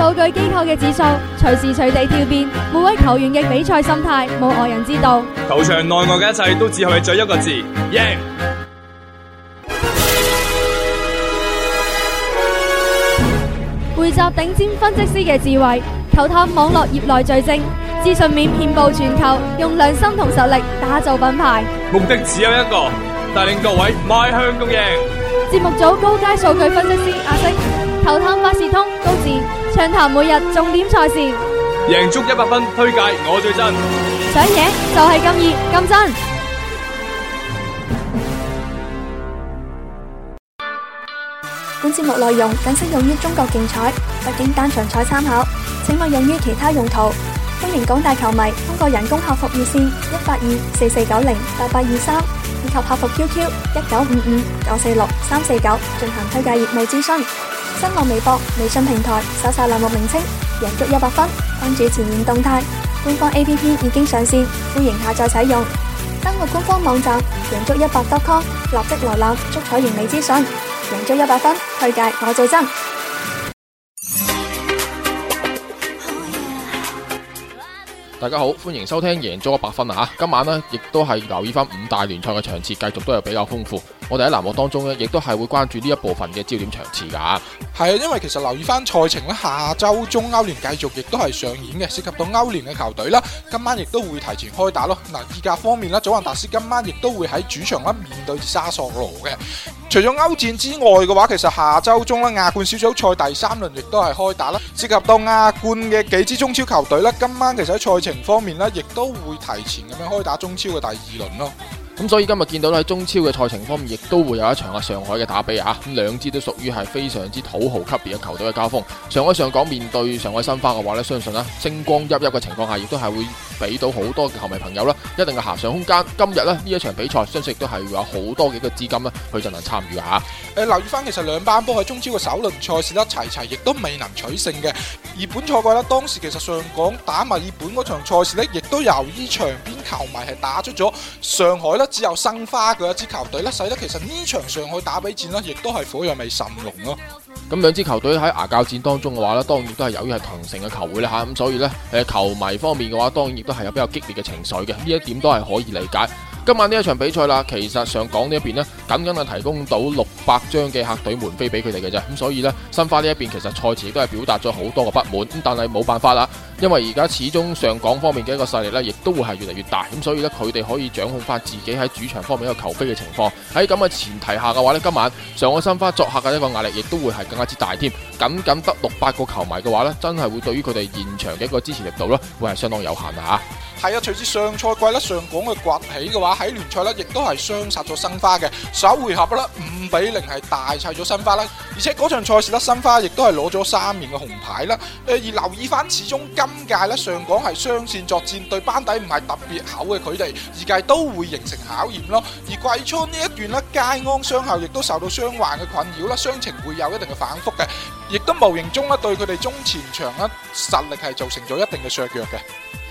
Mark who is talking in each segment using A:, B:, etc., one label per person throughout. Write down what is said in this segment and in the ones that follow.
A: 數據機構嘅指數隨時隨地跳變，每位球員嘅比賽心態冇外人知道。球場內外嘅一切都只係一個字：贏。匯集頂尖分析師嘅智慧，球探網絡業內最精，資訊面遍布全球，用良心同實力打造品牌。目的只有一個，帶領各位邁向共贏。節目組高階數據分析師阿星，球探萬事通高智。暢談每日重點賽事，贏足一百分推介，我最真。想贏就係咁易咁真。本節目內容僅適用於中國競彩、北京單場彩參考，請勿用於其他用途。歡迎廣大球迷通過人工客服熱線一八二四四九零八八二三以及客服 QQ 一九五五九四六三四九進行推介業務諮詢。新浪微博、微信平台，搜索欄目名稱“贏足一百分”，關注前沿動態。官方 A P P 已經上線，歡迎下載使用。登錄官方網站贏足一百 .com，立即瀏覽足彩完美資訊。贏足一百分，推介我最真。
B: 大家好，歡迎收聽贏足一百分啊，今晚呢，亦都係留意翻五大聯賽嘅場次，繼續都有比較豐富。我哋喺啲欄目當中咧，亦都係會關注呢一部分嘅焦點場次噶。係啊，因為其實留意翻賽程咧，下周中歐聯繼
C: 續亦都係上演嘅，涉及到歐聯嘅球隊啦。今晚亦都會提前開打咯。嗱，意甲方面啦，祖雲達斯今晚亦都會喺主場咧面對住沙索羅嘅。除咗歐戰之外嘅話，其實下周中咧，亞冠小組賽第三輪亦都係開打啦。涉及到亞冠嘅幾支中超球隊啦，今晚其實喺賽程方面呢，亦都會提前咁樣開打中超嘅第二輪咯。
B: 咁所以今日見到咧，喺中超嘅賽程方面，亦都會有一場啊上海嘅打比啊，咁兩支都屬於係非常之土豪級別嘅球隊嘅交鋒。上海上港面對上海申花嘅話咧，相信咧、啊、星光熠熠嘅情況下，亦都係會俾到好多嘅球迷朋友啦一定嘅遐想空間。今日咧呢這一場比賽，相信亦都係有好多幾個資金咧，去進行參與啊！誒、呃，留
C: 意翻，其實兩班波喺中超嘅首輪賽事咧齊齊，亦都未能取勝嘅。而本賽季咧，當時其實上港打墨爾本嗰場賽事咧，亦都由於場邊球迷係打出咗上海咧。只有申花嘅一支球隊咧，使得其實呢場上去打比戰呢，亦都係
B: 火藥味甚濃咯。咁兩支球隊喺牙教戰當中嘅話呢，當然都係由於係同城嘅球會咧吓，咁、啊、所以呢，誒球迷方面嘅話，當然亦都係有比較激烈嘅情緒嘅，呢一點都係可以理解。今晚呢一場比賽啦，其實上港呢一邊呢，僅僅係提供到六百張嘅客隊門飛俾佢哋嘅啫，咁所以呢，申花呢一邊其實賽前亦都係表達咗好多嘅不滿，咁但係冇辦法啦，因為而家始終上港方面嘅一個勢力呢，亦都會係越嚟越大，咁所以呢，佢哋可以掌控翻自己喺主場方面一個球飛嘅情況。喺咁嘅前提下嘅話呢，今晚上海申花作客嘅一個壓力亦都會係更加之大添，僅僅得六百個球迷嘅話呢，真係會對於佢哋現場嘅一個支持力度呢，會係相當有限啊！
C: 係啊，隨住上賽季上港嘅崛起嘅話，喺聯賽咧，亦都係雙殺咗申花嘅，首回合五比零係大殺咗申花啦。而且嗰場賽事啦，申花亦都係攞咗三面嘅紅牌啦。誒，而留意翻，始終今屆咧，上港係雙線作戰，對班底唔係特別厚嘅佢哋，而屆都會形成考驗咯。而季初呢一段咧，佳安傷後亦都受到傷患嘅困擾啦，傷情會有一定嘅反覆嘅，亦都無形中咧對佢哋中前場咧實力係造成咗一定嘅削弱嘅。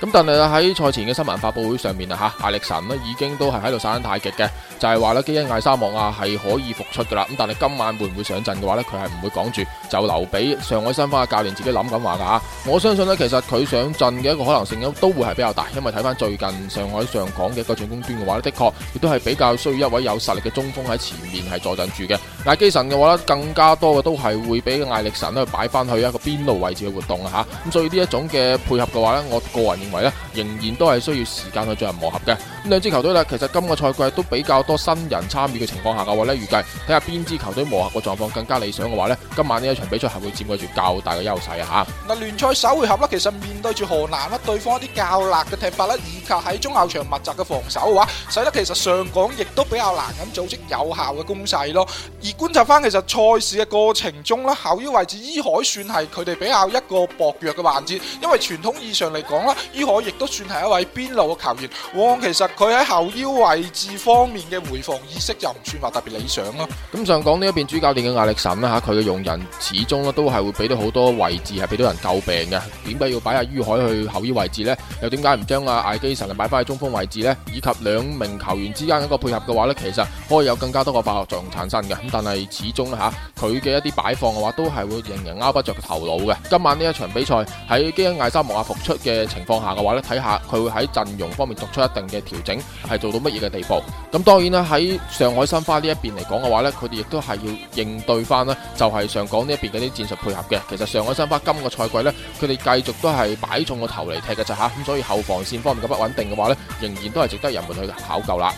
B: 咁但係喺賽前嘅新聞發布會上面啊，吓，艾力神咧已經都係喺度耍緊太極嘅，就係話咧，基因艾沙望啊係可以復出噶啦。咁但係今晚會唔會上陣嘅話佢係唔會講住，就留俾上海申花嘅教練自己諗緊話噶吓，我相信呢，其實佢上陣嘅一個可能性都會係比較大，因為睇翻最近上海上港嘅一個進攻端嘅話呢，的確亦都係比較需要一位有實力嘅中鋒喺前面係助陣住嘅。艾基神嘅話呢，更加多嘅都係會俾艾力神咧擺翻去一個邊路位置嘅活動啊吓，咁所以呢一種嘅配合嘅話呢，我個人認為呢，仍然都係需要時間去進行磨合嘅。咁兩支球隊呢，其實今個賽季都比較多新人參與嘅情況下嘅話呢，預計睇下邊支球隊磨合嘅狀況更加利。想嘅話咧，今晚呢一場比賽係會佔據住較大嘅優勢啊！吓
C: 嗱，聯賽首回合啦，其實面對住河南啦，對方一啲較辣嘅踢法啦，以及喺中後場密集嘅防守嘅話，使得其實上港亦都比較難咁組織有效嘅攻勢咯。而觀察翻其實賽事嘅過程中啦，後腰位置伊海算係佢哋比較一個薄弱嘅環節，因為傳統意義上嚟講啦，伊海亦都算係一位邊路嘅球員。往、哦、往其實佢喺後腰位置方面嘅回防意識就唔算話特別理想咯。
B: 咁上港呢一邊主教練嘅壓力咁啦吓，佢嘅用人始終咧都係會俾到好多位置係俾到人詬病嘅，點解要擺阿于海去後腰位置呢？又點解唔將阿艾基神啊擺翻喺中鋒位置呢？以及兩名球員之間的一個配合嘅話呢，其實可以有更加多個化學作用產生嘅。咁但係始終吓，佢嘅一啲擺放嘅話都係會令人拗不着頭腦嘅。今晚呢一場比賽喺基恩艾沙莫阿復出嘅情況下嘅話呢，睇下佢會喺陣容方面作出一定嘅調整係做到乜嘢嘅地步。咁當然啦，喺上海申花呢一邊嚟講嘅話呢，佢哋亦都係要應對翻。就係、是、上港呢一邊嗰啲戰術配合嘅，其實上海申花今個賽季呢，佢哋繼續都係擺重個頭嚟踢嘅咋。嚇，咁所以後防線方面嘅不穩定嘅話呢，仍然都係值得人們去考究啦。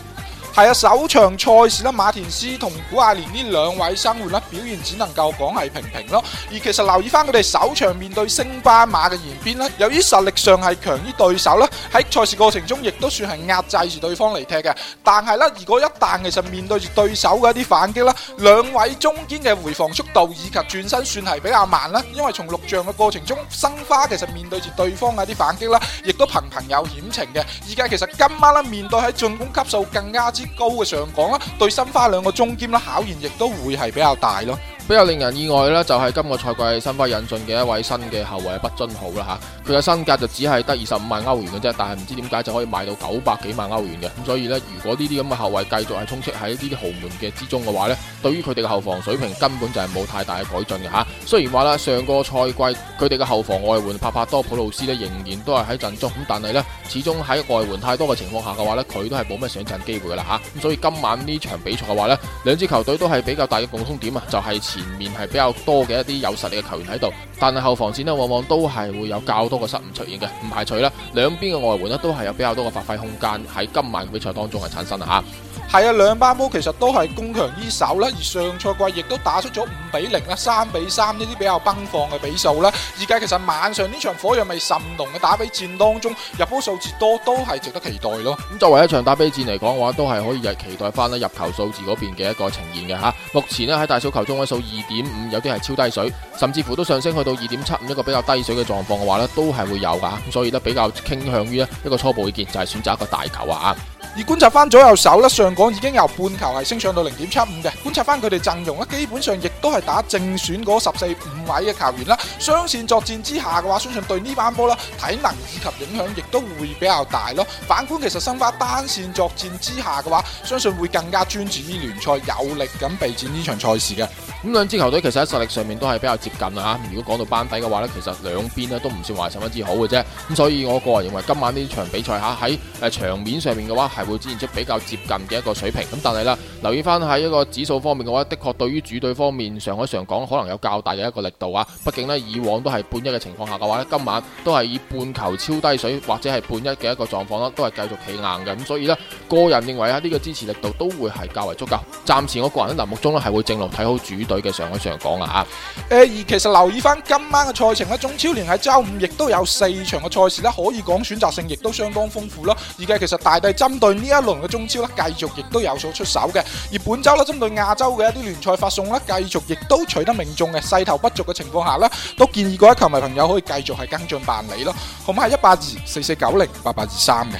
B: 係啊，首場賽事啦，馬田斯同古亞連呢兩位生活
C: 啦，表現只能夠講係平平咯。而其實留意翻佢哋首場面對升班馬嘅延邊啦，由於實力上係強於對手啦，喺賽事過程中亦都算係壓制住對方嚟踢嘅。但係啦，如果一旦其實面對住對手嘅一啲反擊啦，兩位中堅嘅回防速度以及轉身算係比較慢啦。因為從錄像嘅過程中，申花其實面對住對方嘅一啲反擊啦，亦都頻頻有險情嘅。而家其實今晚啦，面對喺進
B: 攻級數更加之。高嘅上港啦，對申花兩個中堅啦，考驗亦都會係比較大咯。比較令人意外咧，就係、是、今個賽季申花引進嘅一位新嘅後衛不均好啦，吓，佢嘅身價就只係得二十五萬歐元嘅啫，但係唔知點解就可以賣到九百幾萬歐元嘅，咁所以咧，如果呢啲咁嘅後衛繼續係充斥喺呢啲豪門嘅之中嘅話咧，對於佢哋嘅後防水平根本就係冇太大嘅改進嘅吓。雖然話啦，上個賽季佢哋嘅後防外援帕帕多普魯斯咧仍然都係喺陣中，咁但係咧始終喺外援太多嘅情況下嘅話咧，佢都係冇乜上陣機會噶啦吓。咁所以今晚呢場比賽嘅話咧，兩支球隊都係比較大嘅共通點啊，就係、是。前面係比較多嘅一啲有實力嘅球員喺度，但係後防線咧往往都係會有較多嘅失誤出現嘅，唔排除啦。兩邊嘅外援咧都係有比較多嘅發揮空間喺今晚嘅比賽當中係產生吓。
C: 係啊，兩班波其實都係攻強依手啦，而上賽季亦都打出咗五比零啦，三比三呢啲比較奔放嘅比數啦。而家其實晚上呢場火藥味甚濃嘅打比戰當中，入波數字多都係值得期待咯。咁
B: 作為一場打比戰嚟講嘅話，都係可以期待翻入球數字嗰邊嘅一個呈現嘅吓。目前呢，喺大小球中位數二點五，有啲係超低水，甚至乎都上升去到二點七五，一個比較低水嘅狀況嘅話呢都係會有噶。咁所以呢，比較傾向於一個初步意見就係，是，選擇一個大球啊。
C: 而觀察翻左右手咧，上港已經由半球係升上到零點七五嘅。觀察翻佢哋陣容咧，基本上亦都係打正選嗰十四五位嘅球員啦。雙線作戰之下嘅話，相信對呢班波啦體能以及影響亦都會比較大咯。反觀其實申花單線作
B: 戰之下嘅話，相信會更加專注於聯賽，有力咁備戰呢場賽事嘅。咁兩支球隊其實喺實力上面都係比較接近啦嚇。如果講到班底嘅話咧，其實兩邊咧都唔算話十分之好嘅啫。咁所以我個人認為今晚呢場比賽嚇喺誒場面上面嘅話，係會展現出比較接近嘅一個水平咁，但係咧留意翻喺一個指數方面嘅話，的確對於主隊方面上海上港可能有較大嘅一個力度啊！畢竟呢，以往都係半一嘅情況下嘅話，今晚都係以半球超低水或者係半一嘅一個狀況啦，都係繼續企硬嘅咁，所以呢，個人認為喺呢個支持力度都會係較為足夠。暫時我個人喺欄目中呢，係會正路睇好主隊嘅上海上港啊！誒，而其實留意翻今晚嘅賽程呢，中超聯喺周五亦都
C: 有四場嘅賽事呢，可以講選擇性亦都相當豐富咯。而家其實大帝針。對呢一輪嘅中超咧，繼續亦都有所出手嘅。而本周咧針對亞洲嘅一啲聯賽發送咧，繼續亦都取得命中嘅勢頭不俗嘅情況下咧，都建議各位球迷朋友可以繼續係跟進
B: 辦理咯，號碼係一百二四四九零八八二三嘅。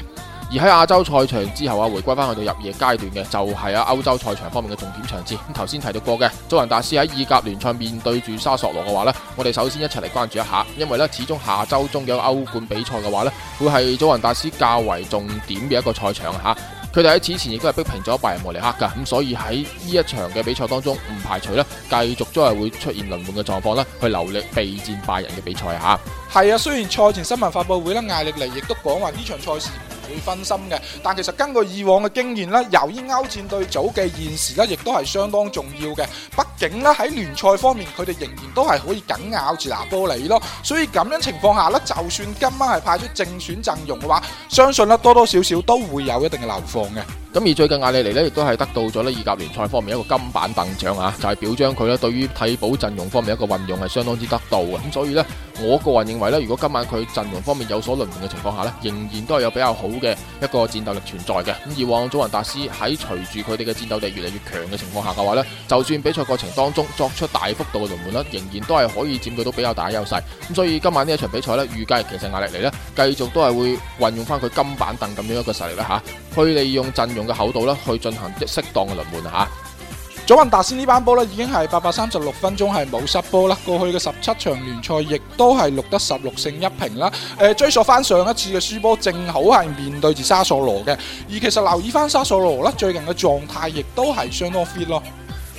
B: 而喺亞洲賽場之後，啊回歸翻去到入夜階段嘅就係啊歐洲賽場方面嘅重點場次。咁頭先提到過嘅，祖雲達斯喺意甲聯賽面對住沙索羅嘅話呢，我哋首先一齊嚟關注一下，因為呢，始終下周中嘅歐冠比賽嘅話呢，會係祖雲達斯較為重點嘅一個賽場吓。佢哋喺此前亦都係逼平咗拜仁慕尼黑噶，咁所以喺呢一場嘅比賽當中，唔排除呢，繼續都係會出現輪換嘅狀況啦，去留力備戰拜仁嘅比賽吓。係啊，雖然
C: 賽前新聞發佈會呢，艾力尼亦都講話呢場賽事。會分心嘅，
B: 但其實根據以
C: 往嘅經驗咧，由於歐戰對早嘅現時咧，亦都係相當重要嘅。畢竟咧喺聯賽方面，佢哋仍然都係可以緊咬住拿波里咯。所以咁樣的情況下咧，
B: 就算今晚係派出正選陣容嘅話，相信咧多多少少都會有一定嘅流放嘅。咁而最近亞歷嚟呢，亦都係得到咗呢意甲聯賽方面一個金板凳獎啊，就係、是、表彰佢呢對於替補陣容方面一個運用係相當之得道，嘅。咁所以呢，我個人認為呢，如果今晚佢陣容方面有所輪換嘅情況下呢，仍然都係有比較好嘅一個戰鬥力存在嘅。咁以往祖雲達斯喺隨住佢哋嘅戰鬥力越嚟越強嘅情況下嘅話呢，就算比賽過程當中作出大幅度嘅輪換啦，仍然都係可以佔據到比較大嘅優勢。咁所以今晚呢一場比賽呢，預計其實亞歷嚟呢，繼續都係會運用翻佢金板凳咁樣一個實力啦吓。去利用陣容嘅厚度啦，去進行即適當嘅輪換吓。祖雲達斯呢班波咧，已經
C: 係八百三十六分鐘係冇失波啦。過去嘅十七場聯賽亦都係錄得十六勝一平啦。誒、呃，追溯翻上一次嘅輸波，正好係面對住沙索羅嘅。而其實留意
B: 翻沙索羅呢，最近嘅狀態亦都係相當 fit 咯。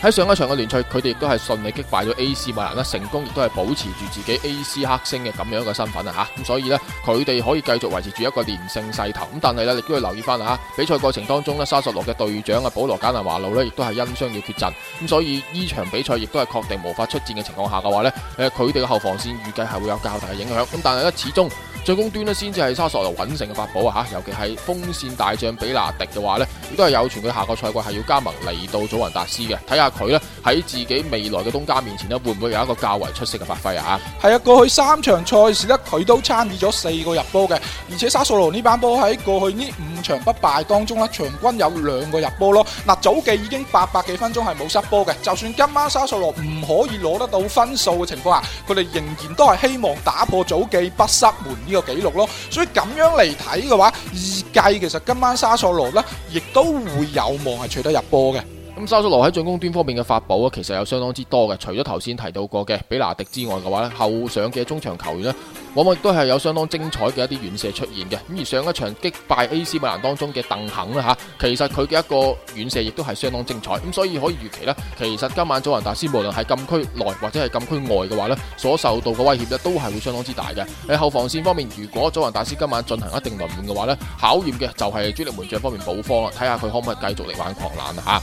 B: 喺上一場嘅聯賽，佢哋亦都係順利擊敗咗 A.C. 米蘭啦，成功亦都係保持住自己 A.C. 克星嘅咁樣嘅一個身份啊，吓，咁所以呢，佢哋可以繼續維持住一個連勝勢頭。咁但係呢，亦都要留意翻啊，比賽過程當中呢，沙索羅嘅隊長啊保羅簡拿華路呢，亦都係因傷要缺陣。咁所以呢場比賽亦都係確定無法出戰嘅情況下嘅話呢，誒，佢哋嘅後防線預計係會有較大嘅影響。咁但係呢，始終進攻端呢，先至係沙索羅穩勝嘅法寶啊，吓，尤其係鋒線大將比拿迪嘅話呢，亦都係有傳佢下個賽季係要加盟嚟到祖雲達斯嘅。睇下。佢咧喺自己未來嘅東家面前咧，會唔會有一個較為出色嘅發揮啊？係啊，過去三場賽事咧，佢都
C: 參與咗四個入波嘅，而且沙索羅呢班波喺過去呢五場不敗當中咧，場均有兩個入波咯。嗱，早記已經八百幾分鐘係冇失波嘅，就算今晚沙索羅唔可以攞得到分數嘅情況下，佢哋仍然都係希望打破早記不失門呢個紀錄咯。所以咁樣嚟睇嘅話，預計其實今晚沙索羅咧，
B: 亦都會有望係取得入波嘅。咁、嗯、沙索羅喺進攻端方面嘅法寶啊，其實有相當之多嘅。除咗頭先提到過嘅比拿迪之外嘅話呢，後上嘅中場球員呢，往往亦都係有相當精彩嘅一啲遠射出現嘅。咁而上一場擊敗 A.C. 米蘭當中嘅鄧肯啦，吓，其實佢嘅一個遠射亦都係相當精彩。咁所以可以預期呢，其實今晚祖雲達斯無論係禁區內或者係禁區外嘅話呢，所受到嘅威脅呢都係會相當之大嘅。喺後防線方面，如果祖雲達斯今晚進行一定輪換嘅話呢，考驗嘅就係主力門將方面補防啦，睇下佢可唔可以繼續力挽狂瀾吓、啊。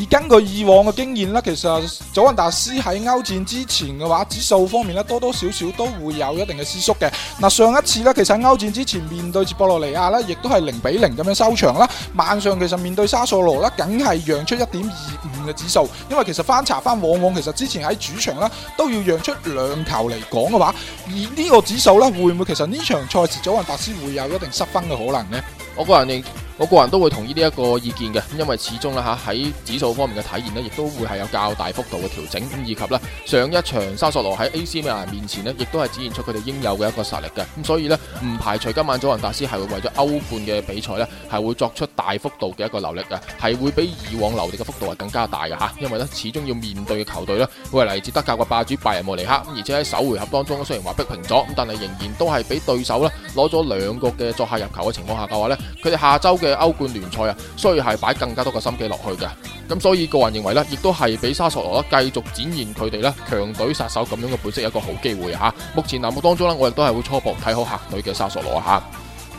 C: 而根據以往嘅經驗咧，其實祖雲達斯喺歐戰之前嘅話，指數方面咧多多少少都會有一定嘅失縮嘅。嗱，上一次咧，其實喺歐戰之前面對博洛尼亞咧，亦都係零比零咁樣收場啦。晚上其實面對沙索羅咧，梗係讓出一點二五嘅指數，因為其實翻查翻往往，其實之前喺主場咧都要讓出兩球嚟講嘅話，而呢個指數咧會唔會其實呢場賽事祖雲達斯會有一定失分嘅可能呢？
B: 我個人亦，我個人都會同意呢一個意見嘅，因為始終啦吓喺指數方面嘅體現咧，亦都會係有較大幅度嘅調整，咁以及咧上一場沙索羅喺 AC 米蘭面前咧，亦都係展現出佢哋應有嘅一個實力嘅，咁所以呢，唔排除今晚祖雲達斯係會為咗歐冠嘅比賽呢，係會作出大幅度嘅一個留力嘅，係會比以往留力嘅幅度係更加大嘅吓。因為呢，始終要面對嘅球隊呢，會係嚟自德甲嘅霸主拜仁慕尼黑，而且喺首回合當中雖然話逼平咗，咁但係仍然都係俾對手咧攞咗兩個嘅作客入球嘅情況下嘅話咧。佢哋下周嘅歐冠聯賽啊，需要係擺更加多嘅心機落去嘅。咁所以個人認為呢，亦都係俾沙索羅咧繼續展現佢哋呢強隊殺手咁樣嘅本色一個好機會吓。目前欄目當中呢，我亦都係會初步睇好客隊嘅沙索羅啊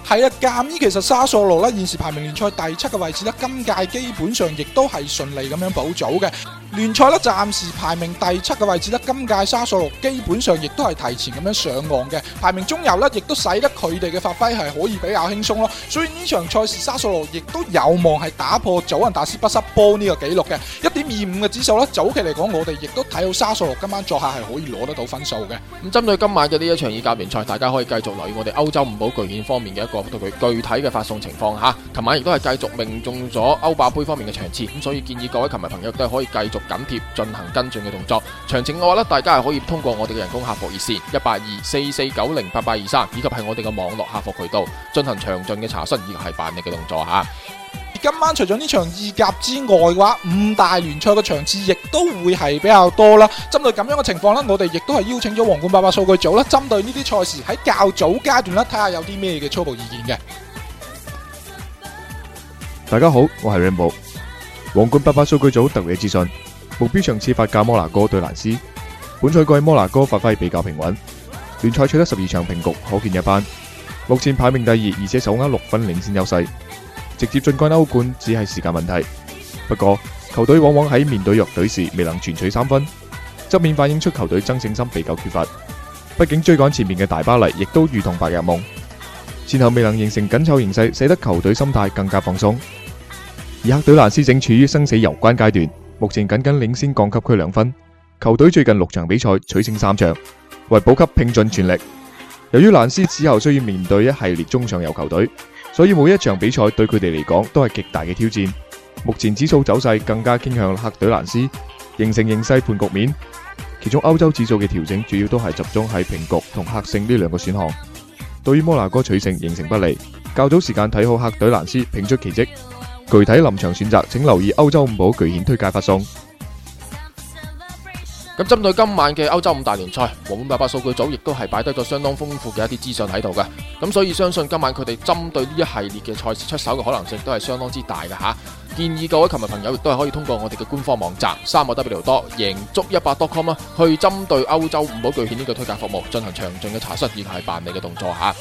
B: 吓。
C: 係啊，鑑於其實沙索羅呢，現時排名聯賽第七嘅位置呢，今屆基本上亦都係順利咁樣補組嘅。聯賽咧暫時排名第七嘅位置咧，今屆沙索洛基本上亦都係提前咁樣上岸嘅，排名中游呢，亦都使得佢哋嘅發揮係可以比較輕鬆咯。所以呢場賽事沙索洛亦都有望係打破祖雲達斯不失波呢個紀錄嘅。一點二五嘅指數呢，早期嚟講我哋亦都睇到沙索洛今晚作客係可以攞得到分數嘅。咁
B: 針對今晚嘅呢一場意甲聯賽，大家可以繼續留意我哋歐洲五寶巨獻方面嘅一個到佢具體嘅發送情況吓。琴晚亦都係繼續命中咗歐霸盃方面嘅場次，咁所以建議各位球迷朋友都係可以繼續。緊貼進行跟進嘅動作，詳情嘅話咧，大家係可以通過我哋嘅人工客服熱線一八二四四九零八八二三，以及係我哋嘅網絡客服渠道進行詳盡嘅查詢，以及係辦理嘅動作吓。
C: 今晚除咗呢場意甲之外嘅話，五大聯賽嘅場次亦都會係比較多啦。針對咁樣嘅情況咧，我哋亦都係邀請咗皇冠八八數據組啦，針對呢啲賽事喺較早階段咧，睇下有啲咩嘅初步意見嘅。
A: 大家好，我係 Rainbow，皇冠八八數據組特別嘅資訊。目標場次，法甲摩納哥對蘭斯，本賽季摩納哥發揮比較平穩，聯賽取得十二場平局，可見一斑。目前排名第二，而且手握六分領先優勢，直接進軍歐冠只係時間問題。不過球隊往往喺面對弱隊時未能全取三分，側面反映出球隊爭勝心比較缺乏。畢竟追趕前面嘅大巴黎，亦都如同白日夢。前後未能形成緊湊形勢，使得球隊心態更加放鬆。而客隊蘭斯正處於生死攸關階段。目前僅僅領先降級區兩分，球隊最近六場比賽取勝三場，為保級拼盡全力。由於蘭斯此後需要面對一系列中上游球隊，所以每一場比賽對佢哋嚟講都係極大嘅挑戰。目前指數走勢更加傾向客隊蘭斯，形成形勢盤局面。其中歐洲指數嘅調整主要都係集中喺平局同客勝呢兩個選項。對於摩納哥取勝形成不利，較早時間睇好客隊蘭斯拼出奇跡。具體臨場選擇，請留意歐洲五寶巨獻推介發送。
B: 咁針對今晚嘅歐洲五大聯賽，黃本八八數據組亦都係擺低咗相當豐富嘅一啲資訊喺度嘅。咁所以相信今晚佢哋針對呢一系列嘅賽事出手嘅可能性都係相當之大嘅吓、啊。建議各位球迷朋友亦都係可以通過我哋嘅官方網站三個 W 多贏足一百 .com 啊，去針對歐洲五寶巨獻呢個推介服務進行詳盡嘅查詢，以係辦理嘅動作吓。啊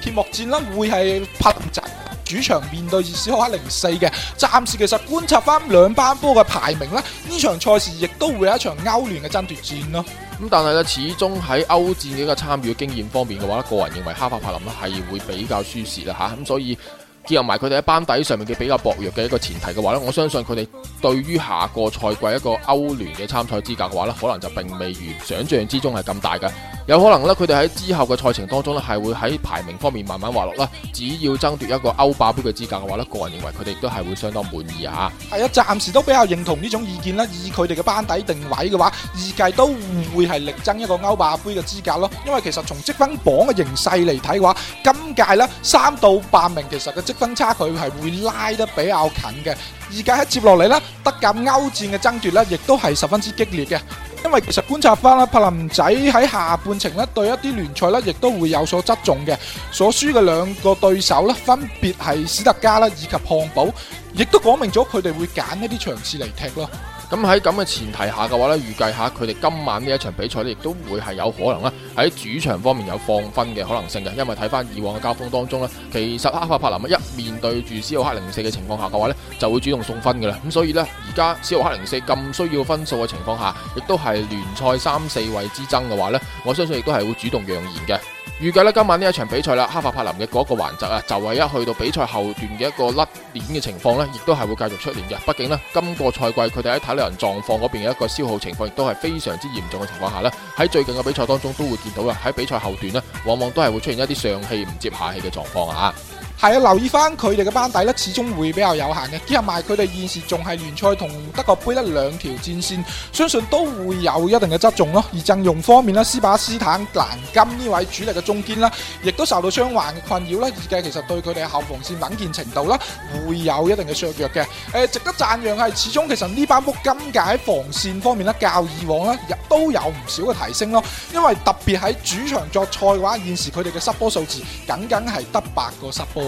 B: 揭幕戰啦，會係帕特澤主場面對
C: 史浩克零四嘅。暫時其實觀察翻兩班波嘅排名啦，呢場賽事亦都會係一場歐聯嘅爭奪戰咯。咁
B: 但係咧，始終喺歐戰嘅一個參與嘅經驗方面嘅話咧，個人認為哈法柏林咧係會比較舒適啦吓。咁所以結合埋佢哋喺班底上面嘅比較薄弱嘅一個前提嘅話咧，我相信佢哋對於下個賽季一個歐聯嘅參賽資格嘅話咧，可能就並未如想象之中係咁大嘅。有可能咧，佢哋喺之後嘅賽程當中咧，係會喺排名方面慢慢滑落啦。只要爭奪一個歐霸盃嘅資格嘅話咧，個人認為佢哋都係會相當滿意的啊。係、哎、啊，暫時都比較認同呢種意
C: 見啦。以佢哋嘅班底定位嘅話，預計都唔會係力爭一個歐霸盃嘅資格咯。因為其實從積分榜嘅形勢嚟睇嘅話，今屆咧三到八名其實嘅積分差距係會拉得比較近嘅。而家喺接落嚟咧，德甲歐戰嘅爭奪呢，亦都係十分之激烈嘅。因為其實觀察翻啦，柏林仔喺下半程咧，對一啲聯賽呢亦都會有所側重嘅，所輸嘅兩個對手呢，分別係史特加啦以
B: 及漢堡，亦都講明咗佢哋會揀一啲場次嚟踢咯。咁喺咁嘅前提下嘅話呢，預計下佢哋今晚呢一場比賽呢，亦都會係有可能啦，喺主場方面有放分嘅可能性嘅，因為睇翻以往嘅交鋒當中呢，其實哈法柏林一面對住斯洛克零四嘅情況下嘅話呢，就會主動送分嘅啦。咁所以呢，而家斯洛克零四咁需要分數嘅情況下，亦都係聯賽三四位之爭嘅話呢，我相信亦都係會主動讓賢嘅。預計咧今晚呢一場比賽啦，哈法柏林嘅嗰一個環節啊，就係、是、一去到比賽後段嘅一個甩鏈嘅情況呢，亦都係會繼續出現嘅。畢竟呢，今個賽季佢哋喺體能狀況嗰邊嘅一個消耗情況，亦都係非常之嚴重嘅情況下呢，喺最近嘅比賽當中都會見到啦。喺比賽後段呢，往往都係會出現一啲上氣唔接下氣嘅狀況啊。
C: 係啊，留意翻佢哋嘅班底咧，始終會比較有限嘅。結合埋佢哋現時仲係聯賽同德國盃呢兩條戰線，相信都會有一定嘅側重咯。而陣容方面呢，斯巴斯坦蘭金呢位主力嘅中堅啦，亦都受到傷患嘅困擾呢，而計其實對佢哋嘅後防線穩健程度啦，會有一定嘅削弱嘅。誒、呃，值得讚揚係，始終其實呢班波金界喺防線方面呢較以往呢都有唔少嘅提升咯。因為特別喺主場作賽嘅話，現時佢哋嘅失波數字僅僅係得八
B: 個失波。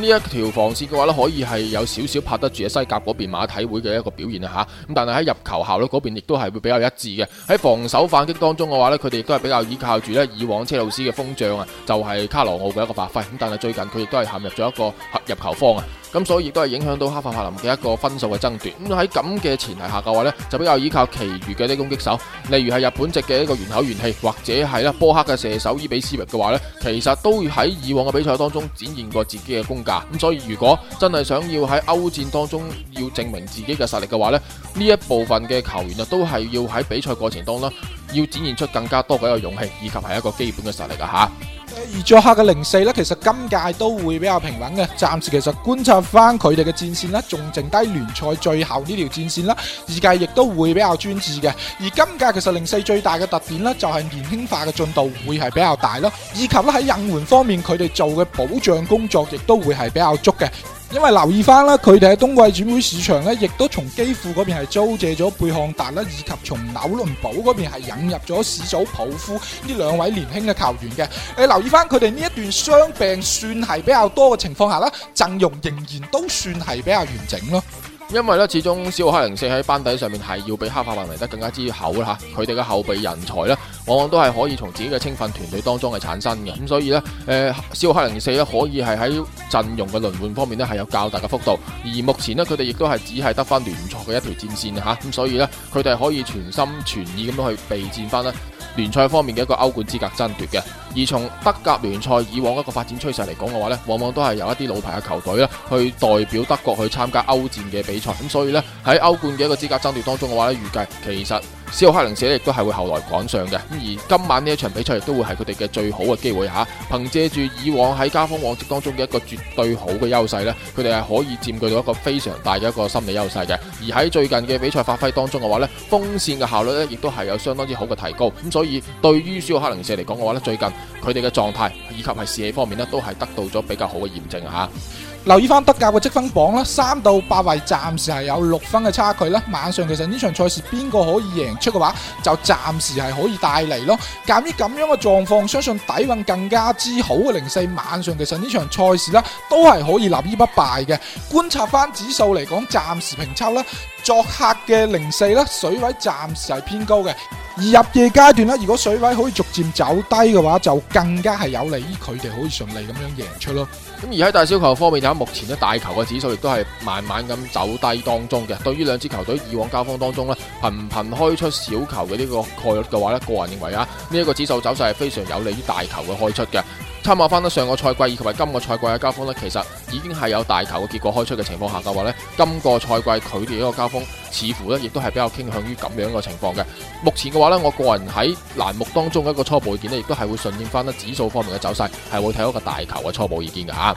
B: 呢一條防線嘅話呢可以係有少少拍得住喺西甲嗰邊馬體會嘅一個表現啊吓，咁但係喺入球效率嗰邊亦都係會比較一致嘅。喺防守反擊當中嘅話呢佢哋亦都係比較依靠住咧以往車路士嘅鋒將，啊，就係、是、卡羅奧嘅一個發揮。咁但係最近佢亦都係陷入咗一個入球荒，啊，咁所以亦都係影響到哈化柏林嘅一個分數嘅爭奪。咁喺咁嘅前提下嘅話呢就比較依靠其餘嘅啲攻擊手，例如係日本籍嘅一個原口元氣，或者係啦波克嘅射手伊比斯域嘅話呢其實都喺以往嘅比賽當中展現過自己嘅攻擊。咁所以如果真係想要喺歐戰當中要證明自己嘅實力嘅話呢，呢一部分嘅球員啊，都係要喺比賽過程當中要展現出更加多嘅一個勇氣，以及係一個基本嘅實力㗎吓。
C: 而作客嘅零四呢，其實今屆都會比較平穩嘅。暫時其實觀察翻佢哋嘅戰線咧，仲剩低聯賽最後呢條戰線啦。二屆亦都會比較專注嘅。而今屆其實零四最大嘅特點呢，就係年輕化嘅進度會係比較大咯，以及咧喺引援，方面佢哋做嘅保障工作亦都會係比較足嘅。因為留意翻啦，佢哋喺冬季轉會市場咧，亦都從基輔嗰邊係租借咗貝漢達啦，以及從紐倫堡嗰邊係引入咗史祖普夫呢兩位年輕嘅球員嘅。你、呃、留意翻佢哋呢一段傷病算係比較多嘅情況下啦，陣容仍然都
B: 算係比較完整咯。因為咧，始終少克零四喺班底上面係要比黑化版嚟得更加之厚啦，吓，佢哋嘅後備人才咧，往往都係可以從自己嘅青訓團隊當中係產生嘅。咁所以咧，誒、呃，少克零四咧可以係喺陣容嘅輪換方面咧係有較大嘅幅度，而目前咧佢哋亦都係只係得翻聯賽嘅一條戰線吓，咁所以咧，佢哋可以全心全意咁樣去備戰翻啦。聯賽方面嘅一個歐冠資格爭奪嘅，而從德甲聯賽以往一個發展趨勢嚟講嘅話咧，往往都係有一啲老牌嘅球隊咧去代表德國去參加歐戰嘅比賽，咁所以咧，喺歐冠嘅一個資格爭奪當中嘅話咧，預計其實。史浩克零四亦都係會後來趕上嘅。咁而今晚呢一場比賽亦都會係佢哋嘅最好嘅機會吓。憑借住以往喺交鋒往績當中嘅一個絕對好嘅優勢呢，佢哋係可以佔據到一個非常大嘅一個心理優勢嘅。而喺最近嘅比賽發揮當中嘅話呢鋒線，嘅效率呢亦都係有相當之好嘅提高。咁所以對於史浩克零四嚟講嘅話呢，最近佢哋嘅狀態以及係士氣方面呢，都係得到咗比較好嘅驗證吓。
C: 留意翻德甲嘅積分榜啦，三到八位暫時係有六分嘅差距啦。晚上其實呢場賽事邊個可以贏出嘅話，就暫時係可以帶嚟咯。鑒於咁樣嘅狀況，相信底蘊更加之好嘅零四，晚上其實呢場賽事啦，都係可以立於不敗嘅。觀察翻指數嚟講，暫時評測啦，作客嘅零四啦，水位暫
B: 時係偏高嘅。
C: 而入夜階段咧，如果水位可以逐漸走低嘅話，就更加係有利佢
B: 哋可以順利咁樣贏出咯。咁而喺大小球方面，目前咧大球嘅指數亦都係慢慢咁走低當中嘅。對於兩支球隊以往交鋒當中咧，頻頻開出小球嘅呢個概率嘅話咧，個人認為啊，呢一個指數走勢係非常有利於大球嘅開出嘅。參考翻咧上個賽季以及係今個賽季嘅交鋒咧，其實已經係有大球嘅結果開出嘅情況下嘅話咧，今個賽季佢哋嗰個交鋒似乎呢亦都係比較傾向於咁樣一個情況嘅。目前嘅話呢，我個人喺欄目當中的一個初步意見呢，亦都係會順應翻呢指數方面嘅走勢，係會睇一個大球嘅初步意見嘅啊。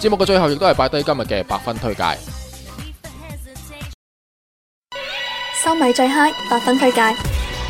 B: 節目嘅最後亦都係擺低今日嘅百分推介，
A: 收米最嗨百分推介。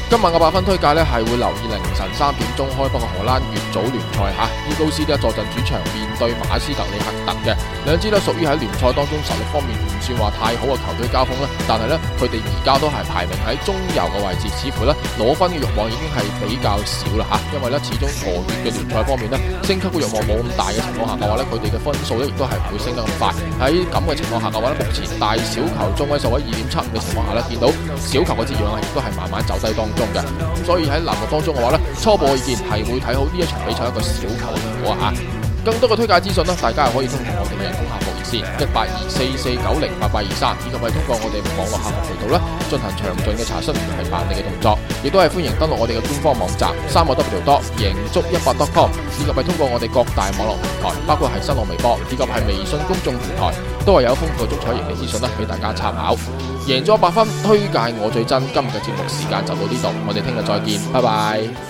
B: 今晚嘅百分推介咧，係會留意凌晨三點鐘開波嘅荷蘭乙組聯賽吓，伊高斯咧坐鎮主場面。對馬斯特利克特，嘅兩支都屬於喺聯賽當中實力方面唔算話太好嘅球隊交鋒咧，但係咧佢哋而家都係排名喺中游嘅位置，似乎咧攞分嘅欲望已經係比較少啦吓，因為咧始終荷乙嘅聯賽方面咧升級嘅欲望冇咁大嘅情況下嘅話咧，佢哋嘅分數咧亦都係唔會升得咁快。喺咁嘅情況下嘅話咧，目前大小球中位數位二點七五嘅情況下咧，見到小球嘅支撐亦都係慢慢走低當中嘅，所以喺籃球當中嘅話咧，初步嘅意見係會睇好呢一場比賽一個小球嘅結果吓。更多嘅推介資訊呢，大家係可以通過我哋嘅人工客服熱線一八二四四九零八八二三，以及係通過我哋網絡客服渠道啦，進行詳盡嘅查詢同埋辦理嘅動作，亦都係歡迎登錄我哋嘅官方網站三個 w 多贏足一百 com，以及係通過我哋各大網絡平台，包括係新浪微博以及係微信公眾平台，都係有豐富足彩型嘅資訊呢，俾大家參考。贏足一百 FUN，推介我最真，今日嘅節目時間就到呢度，我哋聽日再見，拜拜。